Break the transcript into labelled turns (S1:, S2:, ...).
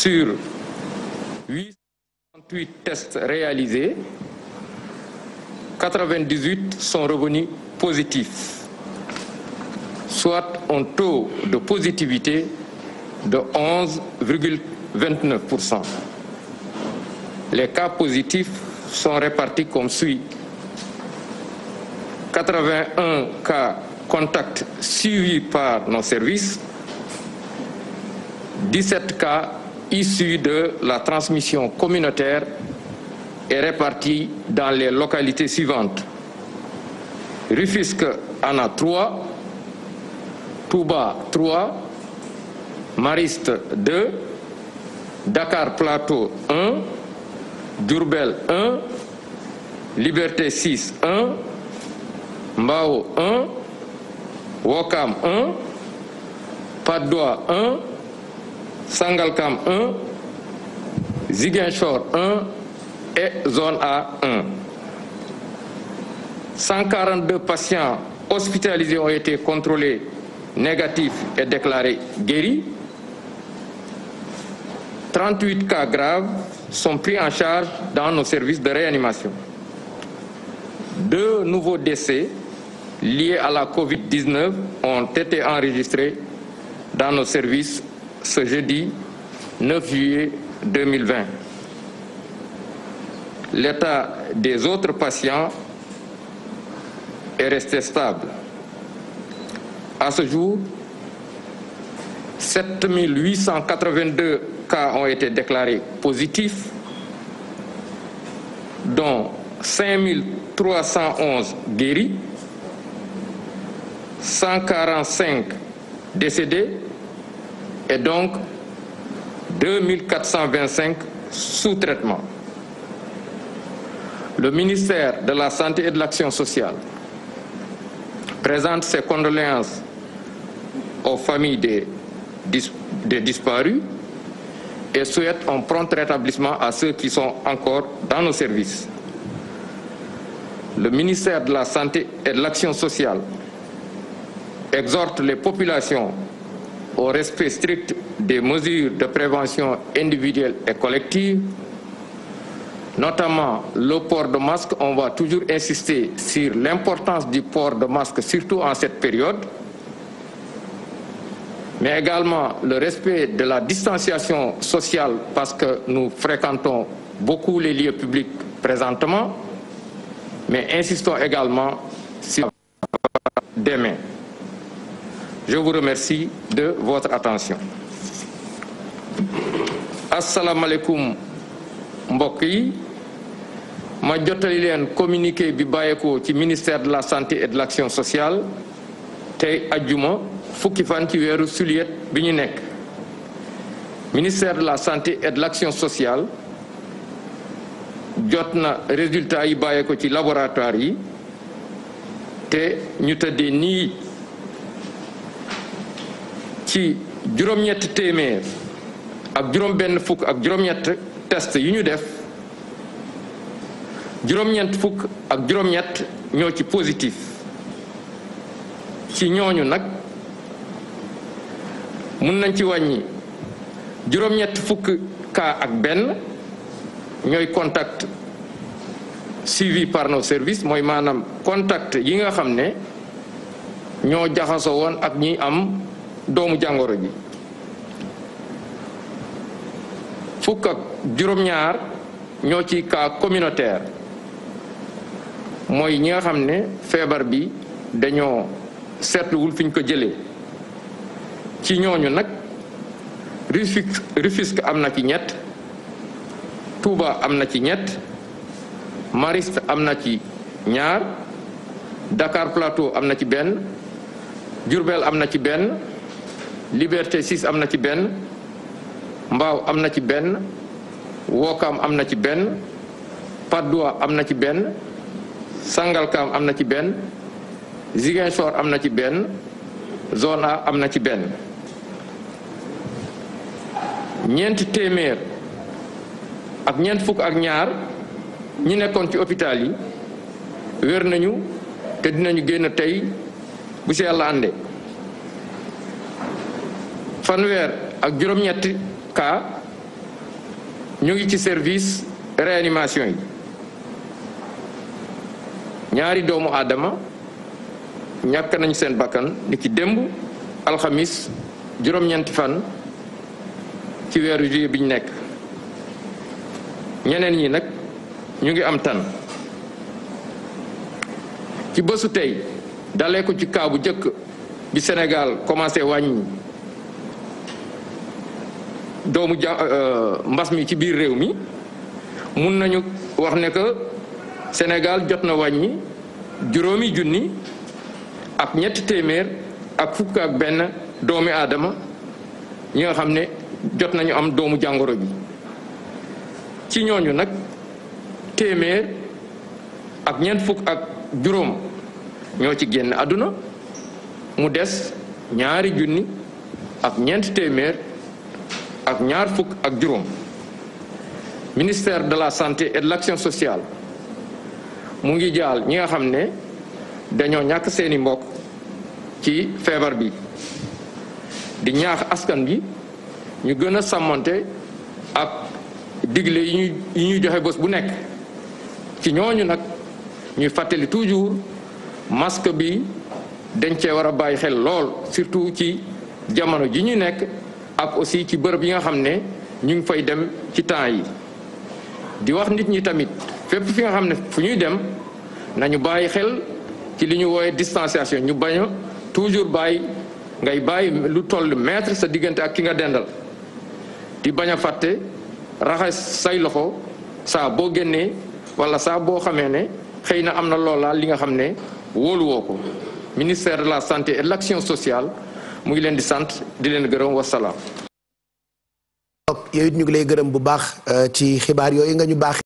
S1: sur 868 tests réalisés, 98 sont revenus positifs, soit un taux de positivité de 11,29%. Les cas positifs sont répartis comme suit. 81 cas contacts suivis par nos services, 17 cas issus de la transmission communautaire est répartie dans les localités suivantes. Rufisque en a 3, Touba 3, Mariste 2, Dakar Plateau 1, Durbel 1, Liberté 6 1, Mbao 1, Wakam 1, Padoua Sangalkam 1, Ziguinchor 1 et zone A1. 142 patients hospitalisés ont été contrôlés négatifs et déclarés guéris. 38 cas graves sont pris en charge dans nos services de réanimation. Deux nouveaux décès à la COVID-19 ont été enregistrés dans nos services ce jeudi 9 juillet 2020. L'état des autres patients est resté stable. À ce jour, 7882 cas ont été déclarés positifs, dont 5311 guéris, 145 décédés et donc 2425 sous-traitements. Le ministère de la Santé et de l'Action sociale présente ses condoléances aux familles des, dis, des, disparus et souhaite un prompt à ceux encore dans nos Le ministère de la Santé et l'Action sociale exhorte les populations au respect strict des mesures de prévention individuelle et collective, notamment le port de masque. On va toujours insister sur l'importance du port de masque, surtout en cette période, mais également le respect de la distanciation sociale parce que nous fréquentons beaucoup les lieux publics présentement, mais insistons également sur des mains. Je de votre attention. asalaamaaleykum mbokk yi ma jottali leen communiqué bi bàyyeekoo ci ministère de la santé et de l'action sociale tey ajjuma fukki fan ci weeru suliet bi ñu nekk ministère de la santé et de l'action sociale jot na résultat yi bàyyeekoo ci laboratoire yi te ñu tëddee nii ci juróom-ñetti téeméer ak juróom-benn fukk ak juróom-ñett test yu ñu def juróom-ñett fukk ak juróom-ñett ñoo ci positif ci ñooñu nag mun nañ ci wàññi juróom-ñett fukk kaa ak benn ñooy contact suivi par nos mooy maanaam contact yi nga xam ne ñoo jaxasoo woon ak ñi am doomu jàngoro ji fukk ak juróom-ñaar ñoo ci kaa communautaire mooy ñi nga xam ne feebar bi dañoo seetluwul fiñ ko jëlee ci ñooñu nag Rufisque am na ci ñett Touba am na ci ñett Mariste am na ci ñaar dakaar Plateau am na ci benn Diourbel am na ci benn Liberté sis am na ci benn Mbaaw am na ci benn Wookaam am na ci benn Patte am na ci benn Sangalkam am na ci benn Ziguinchor am na ci benn zone am na ci benn ñeenti téeméer ak ñeent fukk ak ñaar ñi nekkoon ci hôpital yi wér nañu te dinañu génn tey bu si yàlla ànde fanweer ak juróom-ñetti cas ñu ngi ci service réanimation yi ñaari doomu aadama ñàkk nañ seen bakkan ni ki démb alxamis juróom-ñeenti fan ci weeru juillet bi ñu nekk ñeneen yi nag ñu ngi am tan ci bësu tey daleko ci kaa bu jëkk bi Sénégal commencé wàññi doomu ja euh, mbas mi ci biir réew mi mun nañu wax ne que Sénégal jot na wàññi juróomi junni ak ñetti téeméer ak fukk ak benn doomi aadama ñi nga xam ne jot nañu am doomu jàngoro bi ci ñooñu nag téeméer ak ñeent fukk ak juróom ñoo ci génn àdduna mu des ñaari junni ak ñeent téeméer ak ñaar fukk ak juróom ministère de la santé et de l'action sociale mu ngi jaal ñi nga xam ne dañoo ñàkk seeni mbokk ci feebar bi di ñaax askan bi ñu gën a sàmmante ak digle yi ñuy yi ñuy joxe bés bu nekk ci ñooñu nag ñuy fàttali toujours masque bi dañ cee war a bàyyi xel lool surtout ci jamono ji ñuy nekk ak aussi ci bërëb yi nga xam ne ñu ngi fay dem ci temps yi di wax nit ñi tamit fépp fi nga xam ne fu ñuy dem nañu bàyyi xel ci li ñu wooye distanciation ñu bañ a toujours bàyyi ngay bàyyi lu toll mètre sa diggante ak ki nga dendal di bañ a fàtte raxas say loxo saa boo génnee wala saa boo xamee ne xëy na am na loolaa li nga xam ne wóoluwoo ko ministère de la santé et l'action sociale mu ngi leen di sant di leen gërëm wasalaam. yow it ñu ngi lay gërëm bu baax eh, ci xibaar yooyu nga ñu baax.